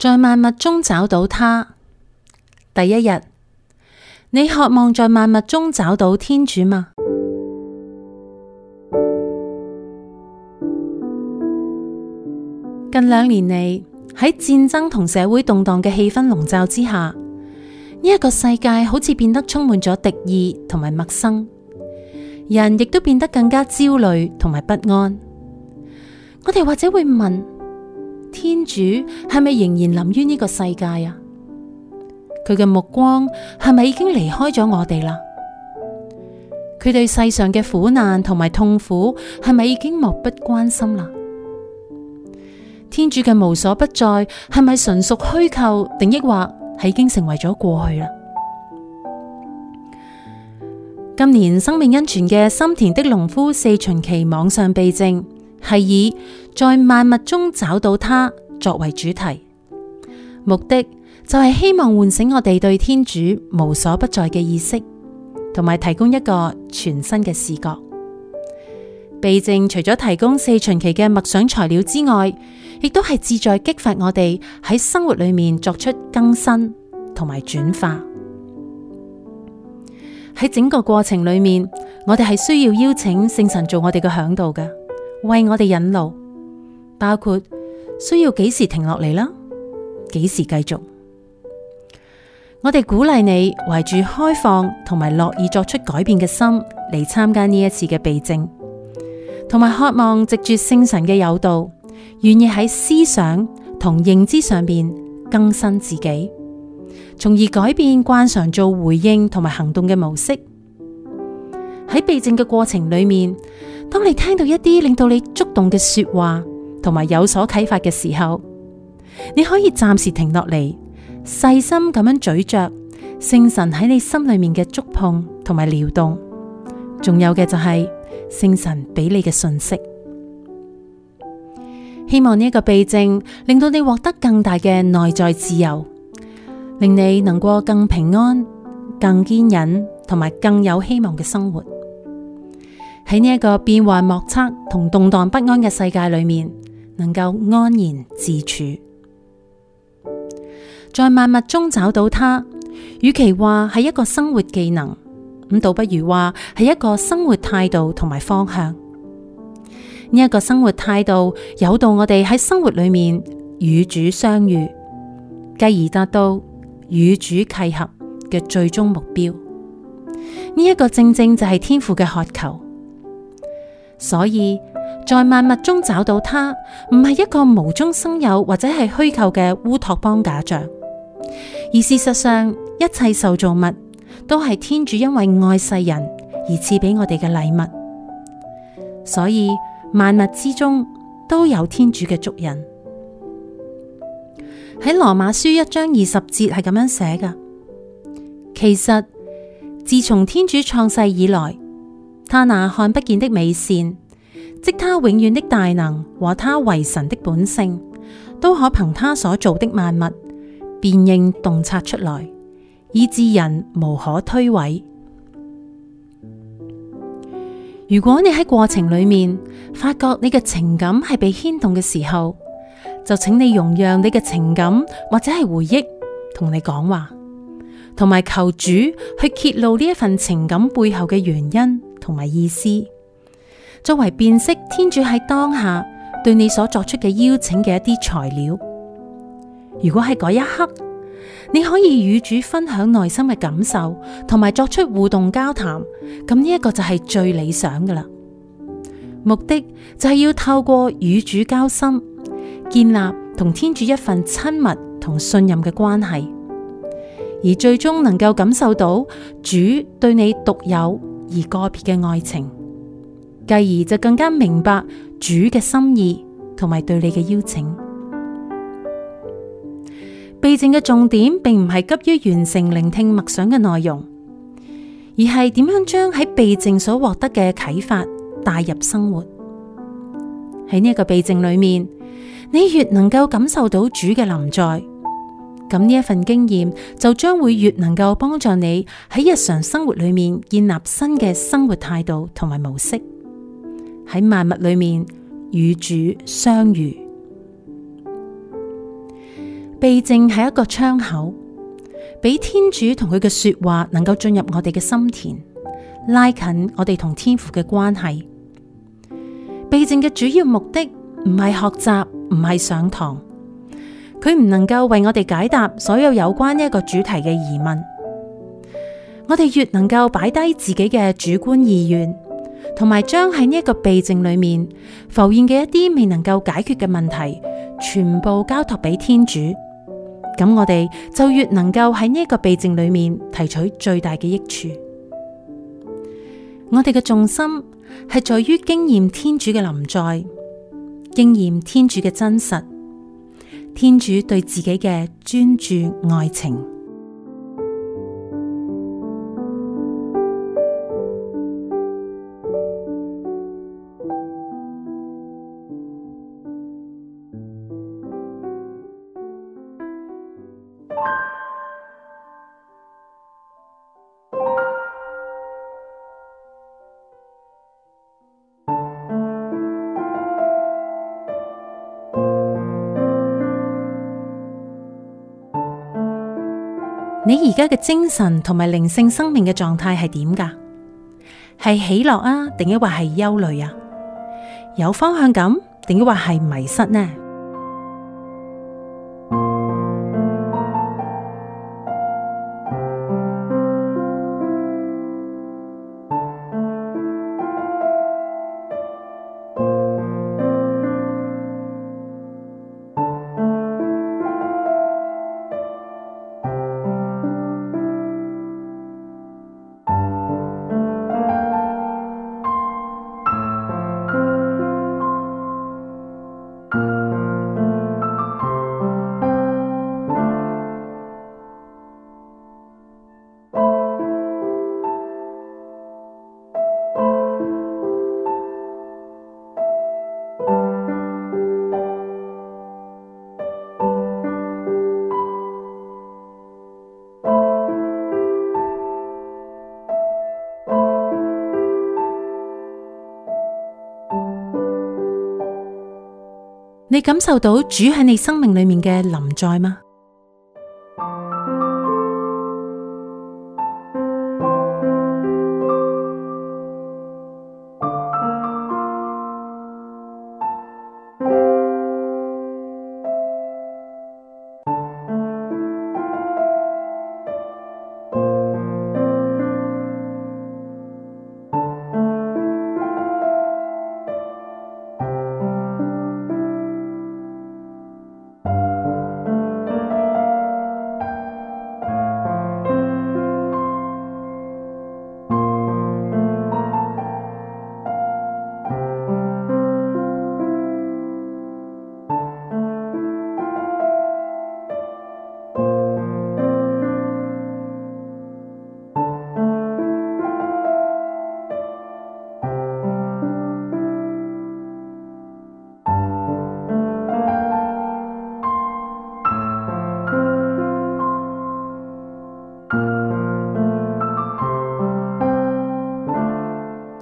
在萬物中找到祂。第一日，你渴望在萬物中找到天主嗎？近兩年嚟，喺戰爭同社會動盪嘅氣氛籠罩之下，呢一個世界好似變得充滿咗敵意同埋陌生，人亦都變得更加焦慮同埋不安。我哋或者會問。天主係咪仍然臨於呢個世界啊？佢嘅目光係咪已經離開咗我哋啦？佢對世上嘅苦難同埋痛苦係咪已經漠不關心啦？天主嘅無所不在係咪純屬虛構，定抑或係已經成為咗過去啦？今年生命恩泉嘅心田的農夫四旬期網上避靜，係以在萬物中找到祂作為主題，目的就係希望喚醒我哋對天主無所不在嘅意識，同埋提供一個全新嘅視角。避靜除咗提供四旬期嘅默想材料之外，亦都係旨在激發我哋喺生活裏面作出更新同埋轉化。喺整個過程裏面，我哋係需要邀請聖神做我哋嘅嚮導嘅。為我哋引路，包括需要幾時停落嚟啦，幾時繼續。我哋鼓勵你懷住開放同埋樂意作出改變嘅心嚟參加呢一次嘅避靜，同埋渴望藉住聖神嘅誘導，願意喺思想同認知上邊更新自己，從而改變慣常做回應同埋行動嘅模式。喺避靜嘅過程裏面，當你聽到一啲令到你觸動嘅說話，同埋有所啟發嘅時候，你可以暫時停落嚟，細心咁樣咀嚼聖神喺你心裏面嘅觸碰同埋撩動，仲有嘅就係、是、聖神俾你嘅訊息。希望呢一個避靜令到你獲得更大嘅內在自由，令你能過更平安、更堅韌同埋更有希望嘅生活。喺呢一個變幻莫測同動盪不安嘅世界裏面，能夠安然自處，在萬物中找到祂。與其話係一個生活技能，咁倒不如話係一個生活態度同埋方向。呢、這、一個生活態度，誘導我哋喺生活裏面與主相遇，繼而達到與主契合嘅最終目標。呢、這、一個正正就係天父嘅渴求。所以在萬物中找到他，唔係一個無中生有或者係虛構嘅烏托邦假象，而事實上一切受造物都係天主因為愛世人而賜俾我哋嘅禮物。所以萬物之中都有天主嘅足印。喺羅馬書一章二十節係咁樣寫噶。其實自從天主創世以來，他那看不見的美善，即他永遠的大能和他為神的本性，都可憑他所造的萬物，辨認洞察出來，以致人無可推諉。如果你喺過程裏面發覺你嘅情感係被牽動嘅時候，就請你容讓你嘅情感或者係回憶同你講話，同埋求主去揭露呢一份情感背後嘅原因，同埋意思，作為辨識天主喺當下對你所作出嘅邀請嘅一啲材料。如果喺嗰一刻，你可以與主分享內心嘅感受，同埋作出互動交談，咁呢一個就係最理想㗎喇。目的就係要透過與主交心，建立同天主一份親密同信任嘅關係，而最終能夠感受到主對你獨有。而個別嘅愛情，繼而就更加明白主嘅心意，同埋對你嘅邀請。避靜嘅重點，並唔係急於完成聆聽默想嘅內容，而係點樣將喺避靜所獲得嘅啟發帶入生活。喺呢一個避靜裏面，你越能夠感受到主嘅臨在。咁呢一份經驗就將會越能夠幫助你喺日常生活裏面建立新嘅生活態度同埋模式，喺萬物裏面與主相遇。避靜係一個窗口，俾天主同佢嘅說話能夠進入我哋嘅心田，拉近我哋同天父嘅關係。避靜嘅主要目的唔係學習，唔係上堂。佢唔能夠為我哋解答所有有關呢一個主題嘅疑問，我哋越能夠擺低自己嘅主觀意願，同埋將喺呢一個避靜裏面浮現嘅一啲未能夠解決嘅問題，全部交託俾天主，咁我哋就越能夠喺呢一個避靜裏面提取最大嘅益處。我哋嘅重心係在於經驗天主嘅臨在，經驗天主嘅真實，天主對自己嘅專注愛情。你而家嘅精神同埋靈性生命嘅狀態係點噶？係喜樂啊，定抑或係憂慮啊？有方向感，定抑或係迷失呢？你感受到主喺你生命裏面嘅臨在嗎？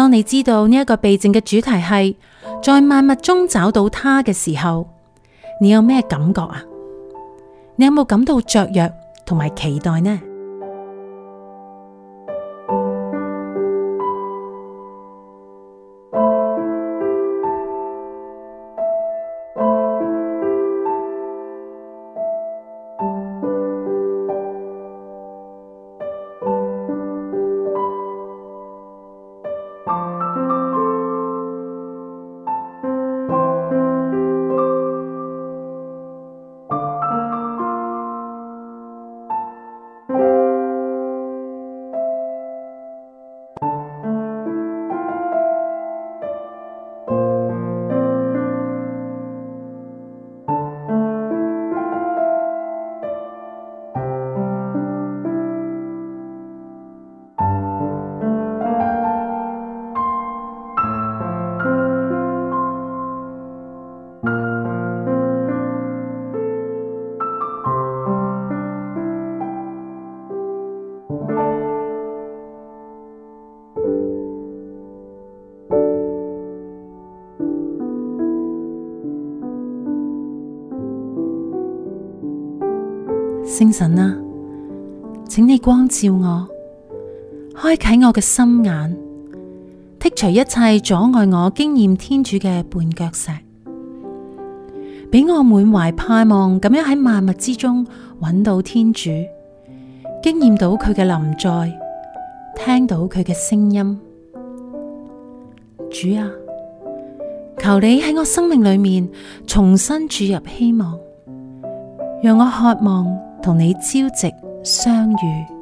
當你知道呢一個避靜嘅主題係在萬物中找到祂嘅時候，你有咩感覺啊？你有冇感到雀躍同埋期待呢？聖神啦，請你光照我，開啟我嘅心眼，剔除一切阻礙我經驗天主嘅絆腳石，俾我滿懷盼望，咁樣喺萬物之中揾到天主，經驗到佢嘅臨在，聽到佢嘅聲音。主呀，求你喺我生命裏面重新注入希望，讓我渴望同你朝夕相遇。